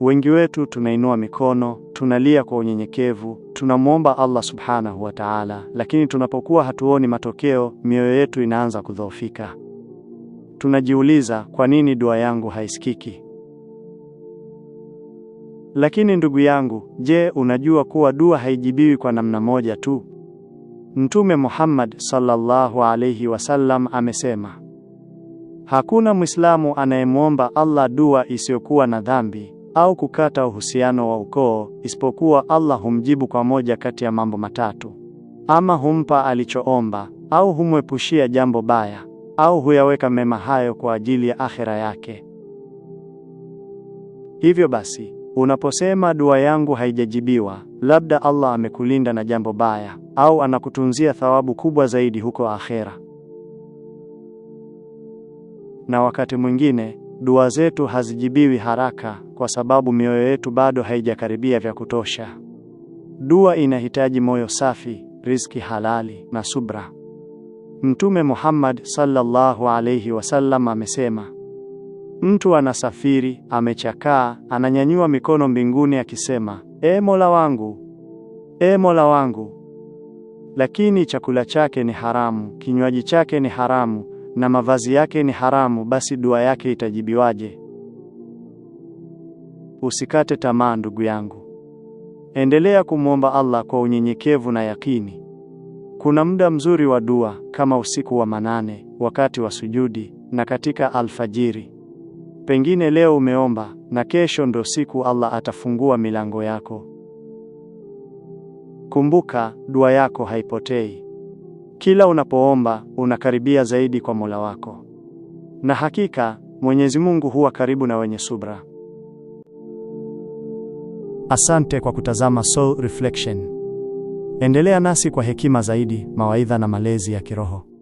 Wengi wetu tunainua mikono, tunalia kwa unyenyekevu, tunamwomba Allah subhanahu wa taala, lakini tunapokuwa hatuoni matokeo, mioyo yetu inaanza kudhoofika. Tunajiuliza, kwa nini dua yangu haisikiki? Lakini ndugu yangu, je, unajua kuwa dua haijibiwi kwa namna moja tu? Mtume Muhammad sallallahu alayhi wasallam amesema, hakuna Mwislamu anayemwomba Allah dua isiyokuwa na dhambi au kukata uhusiano wa ukoo, isipokuwa Allah humjibu kwa moja kati ya mambo matatu: ama humpa alichoomba, au humwepushia jambo baya, au huyaweka mema hayo kwa ajili ya akhera yake. Hivyo basi, unaposema dua yangu haijajibiwa, labda Allah amekulinda na jambo baya au anakutunzia thawabu kubwa zaidi huko akhera. Na wakati mwingine Dua zetu hazijibiwi haraka kwa sababu mioyo yetu bado haijakaribia vya kutosha. Dua inahitaji moyo safi, riziki halali na subra. Mtume Muhammad sallallahu alayhi wasallam amesema, mtu anasafiri amechakaa, ananyanyua mikono mbinguni akisema, E Mola wangu, E Mola wangu, lakini chakula chake ni haramu, kinywaji chake ni haramu na mavazi yake ni haramu, basi dua yake itajibiwaje? Usikate tamaa ndugu yangu, endelea kumwomba Allah kwa unyenyekevu na yakini. Kuna muda mzuri wa dua kama usiku wa manane, wakati wa sujudi na katika alfajiri. Pengine leo umeomba na kesho ndo siku Allah atafungua milango yako. Kumbuka, dua yako haipotei. Kila unapoomba unakaribia zaidi kwa Mola wako, na hakika Mwenyezi Mungu huwa karibu na wenye subra. Asante kwa kutazama Soul Reflection. Endelea nasi kwa hekima zaidi, mawaidha na malezi ya kiroho.